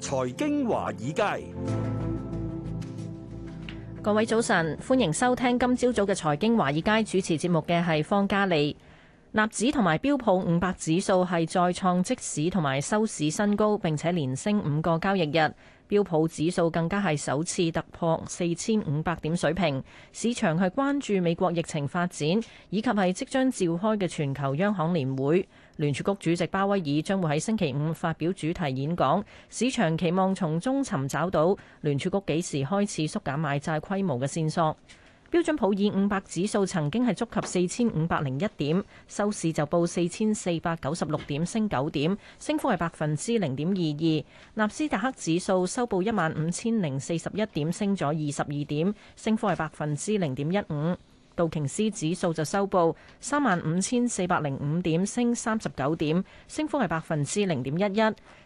財經華爾街，各位早晨，歡迎收聽今朝早嘅財經華爾街主持節目嘅係方嘉利。納指同埋標普五百指數係再創即市同埋收市新高，並且連升五個交易日。標普指數更加係首次突破四千五百點水平。市場係關注美國疫情發展，以及係即將召開嘅全球央行年會。聯儲局主席鮑威爾將會喺星期五發表主題演講，市場期望從中尋找到聯儲局幾時開始縮減買債規模嘅線索。標準普爾五百指數曾經係觸及四千五百零一點，收市就報四千四百九十六點，升九點，升幅係百分之零點二二。納斯達克指數收報一萬五千零四十一點，升咗二十二點，升幅係百分之零點一五。道瓊斯指數就收報三萬五千四百零五點，升三十九點，升幅係百分之零點一一。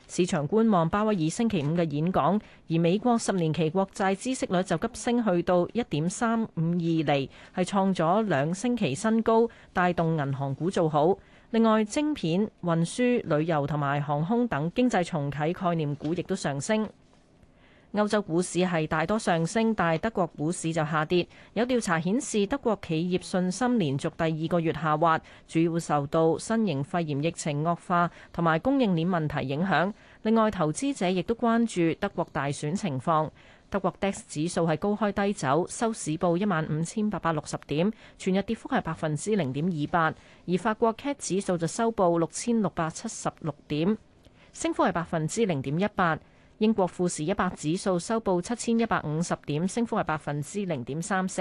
市場觀望鮑威爾星期五嘅演講，而美國十年期國債孳息率就急升去到一點三五二厘，係創咗兩星期新高，帶動銀行股做好。另外，晶片、運輸、旅遊同埋航空等經濟重啟概念股亦都上升。歐洲股市係大多上升，但係德國股市就下跌。有調查顯示，德國企業信心連續第二個月下滑，主要受到新型肺炎疫情惡化同埋供應鏈問題影響。另外，投資者亦都關注德國大選情況。德國 DAX 指數係高開低走，收市報一萬五千八百六十點，全日跌幅係百分之零點二八。而法國 CAC 指數就收報六千六百七十六點，升幅係百分之零點一八。英國富時一百指數收報七千一百五十點，升幅係百分之零點三四。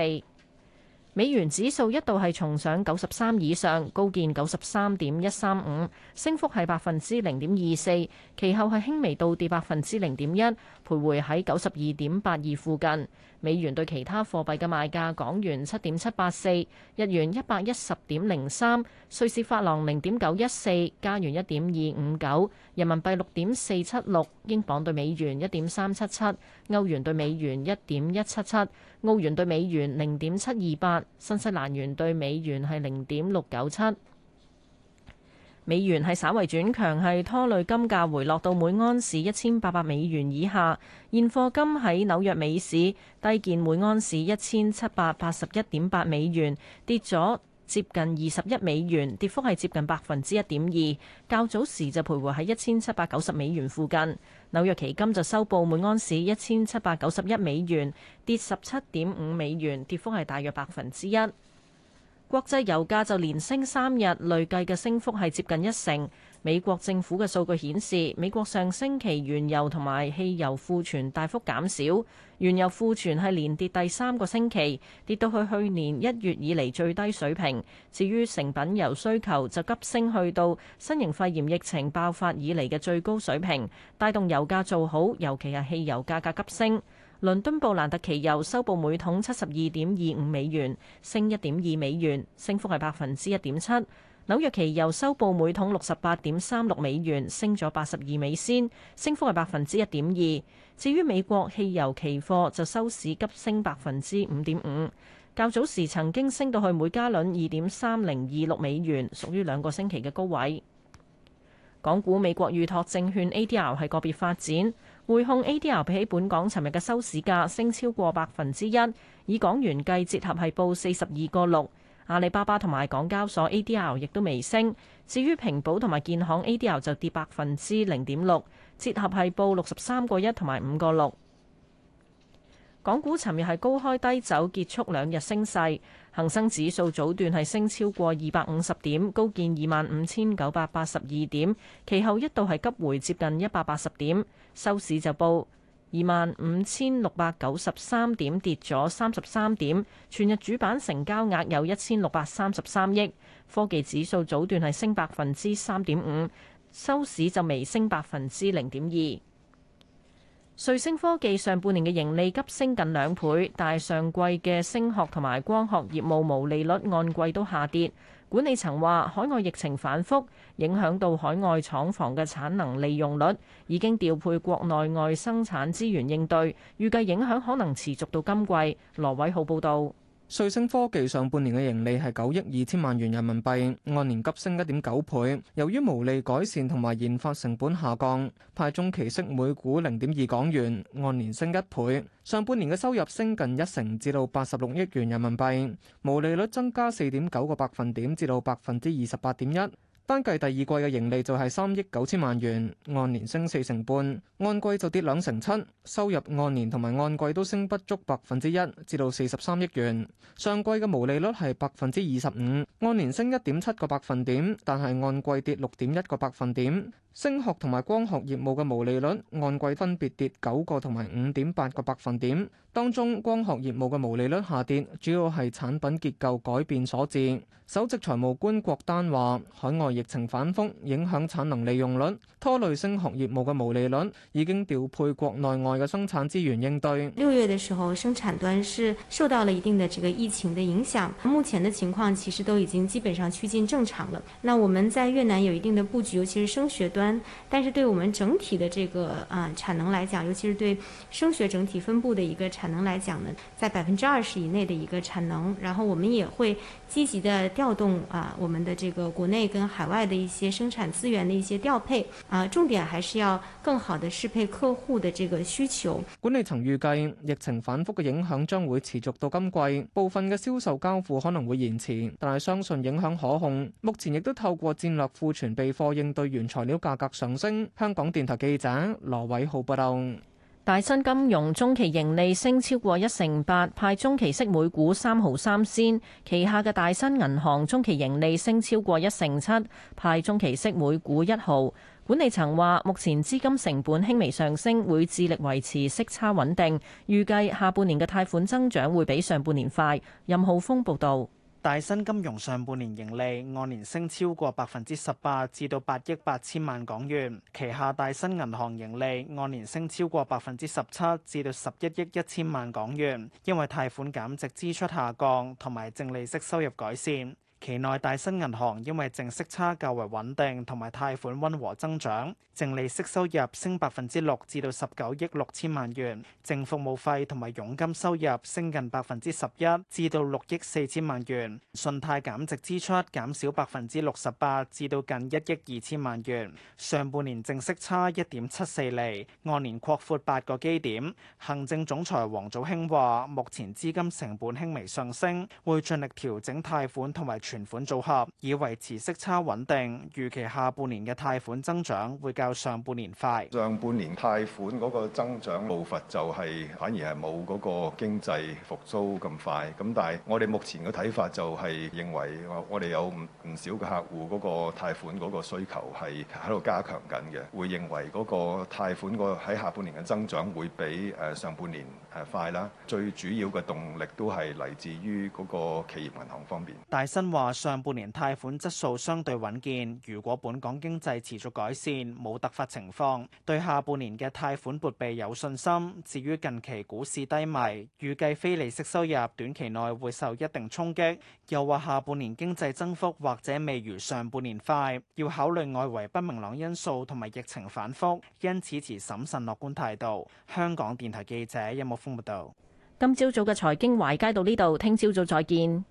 美元指數一度係重上九十三以上，高見九十三點一三五，升幅係百分之零點二四。其後係輕微倒跌百分之零點一，徘徊喺九十二點八二附近。美元對其他貨幣嘅賣價：港元七點七八四，日元一百一十點零三，瑞士法郎零點九一四，加元一點二五九，人民幣六點四七六，英鎊對美元一點三七七，歐元對美元一點一七七，澳元對美元零點七二八。新西蘭元對美元係零點六九七，美元係稍為轉強，係拖累金價回落到每安士一千八百美元以下。現貨金喺紐約美市低見每安士一千七百八十一點八美元，跌咗。接近二十一美元，跌幅係接近百分之一點二。較早時就徘徊喺一千七百九十美元附近。紐約期金就收報每盎司一千七百九十一美元，跌十七點五美元，跌幅係大約百分之一。國際油價就連升三日，累計嘅升幅係接近一成。美國政府嘅數據顯示，美國上星期原油同埋汽油庫存大幅減少，原油庫存係連跌第三個星期，跌到去去年一月以嚟最低水平。至於成品油需求就急升，去到新型肺炎疫情爆發以嚟嘅最高水平，帶動油價做好，尤其係汽油價格急升。倫敦布蘭特期油收報每桶七十二點二五美元，升一點二美元，升幅係百分之一點七。紐約期油收報每桶六十八點三六美元，升咗八十二美仙，升幅係百分之一點二。至於美國汽油期貨就收市急升百分之五點五，較早時曾經升到去每加侖二點三零二六美元，屬於兩個星期嘅高位。港股美國預託證券 ADR 係個別發展，匯控 ADR 比起本港尋日嘅收市價升超過百分之一，以港元計折合係報四十二個六。阿里巴巴同埋港交所 ADR 亦都微升，至於平保同埋建行 ADR 就跌百分之零點六，折合係報六十三個一同埋五個六。港股尋日係高開低走，結束兩日升勢。恒生指數早段係升超過二百五十點，高見二萬五千九百八十二點，其後一度係急回接近一百八十點，收市就報二萬五千六百九十三點，跌咗三十三點。全日主板成交額有一千六百三十三億。科技指數早段係升百分之三點五，收市就微升百分之零點二。瑞聲科技上半年嘅盈利急升近兩倍，但上季嘅聲學同埋光學業務毛利率按季都下跌。管理層話海外疫情反覆影響到海外廠房嘅產能利用率，已經調配國內外生產資源應對，預計影響可能持續到今季。羅偉浩報道。瑞聲科技上半年嘅盈利係九億二千萬元人民幣，按年急升一點九倍。由於毛利改善同埋研發成本下降，派中期息每股零點二港元，按年升一倍。上半年嘅收入升近一成，至到八十六億元人民幣，毛利率增加四點九個百分點，至到百分之二十八點一。單計第二季嘅盈利就係三億九千萬元，按年升四成半，按季就跌兩成七。收入按年同埋按季都升不足百分之一，至到四十三億元。上季嘅毛利率係百分之二十五，按年升一點七個百分點，但係按季跌六點一個百分點。聲學同埋光學業務嘅毛利率按季分別跌九個同埋五點八個百分點。當中光學業務嘅毛利率下跌，主要係產品結構改變所致。首席財務官郭丹話：海外。疫情反風影響產能利用率，拖累聲學業務嘅毛利率，已經調配國內外嘅生產資源應對。六月嘅時候，生產端是受到了一定的這個疫情的影響，目前的情況其實都已經基本上趨近正常了。那我們在越南有一定的布局，尤其是聲學端，但是對我們整體的這個啊產能來講，尤其是對聲學整體分佈的一個產能來講呢，在百分之二十以內的一個產能，然後我們也會積極地調動啊我們的這個國內跟海外外的一些生產資源的一些調配啊，重點還是要更好的適配客戶的這個需求。管理層預計疫情反覆嘅影響將會持續到今季，部分嘅銷售交付可能會延遲，但係相信影響可控。目前亦都透過戰略庫存備貨應對原材料價格上升。香港電台記者羅偉浩報道。大新金融中期盈利升超過一成八，派中期息每股三毫三仙。旗下嘅大新銀行中期盈利升超過一成七，派中期息每股一毫。管理層話，目前資金成本輕微上升，會致力維持息差穩定。預計下半年嘅貸款增長會比上半年快。任浩峰報道。大新金融上半年盈利按年升超過百分之十八，至到八億八千萬港元。旗下大新銀行盈利按年升超過百分之十七，至到十一億一千萬港元。因為貸款減值支出下降，同埋淨利息收入改善。期內大新銀行因為淨息差較為穩定，同埋貸款溫和增長。淨利息收入升百分之六至到十九億六千萬元，淨服務費同埋佣金收入升近百分之十一至到六億四千萬元，信貸減值支出減少百分之六十八至到近一億二千萬元。上半年淨息差一點七四厘，按年擴闊八個基點。行政總裁王祖興話：目前資金成本輕微上升，會盡力調整貸款同埋存款組合，以維持息差穩定。預期下半年嘅貸款增長會較。上半年快，上半年貸款嗰個增長步伐就係反而係冇嗰個經濟復甦咁快。咁但係我哋目前嘅睇法就係認為我我哋有唔唔少嘅客戶嗰個貸款嗰個需求係喺度加強緊嘅，會認為嗰個貸款個喺下半年嘅增長會比誒上半年。誒快啦！最主要嘅動力都係嚟自於嗰個企業銀行方面。大新話上半年貸款質素相對穩健，如果本港經濟持續改善，冇突發情況，對下半年嘅貸款撥備有信心。至於近期股市低迷，預計非利息收入短期內會受一定衝擊，又話下半年經濟增幅或者未如上半年快，要考慮外圍不明朗因素同埋疫情反復，因此持審慎樂觀態度。香港電台記者有冇？今朝早嘅財經華爾街到呢度，聽朝早再見。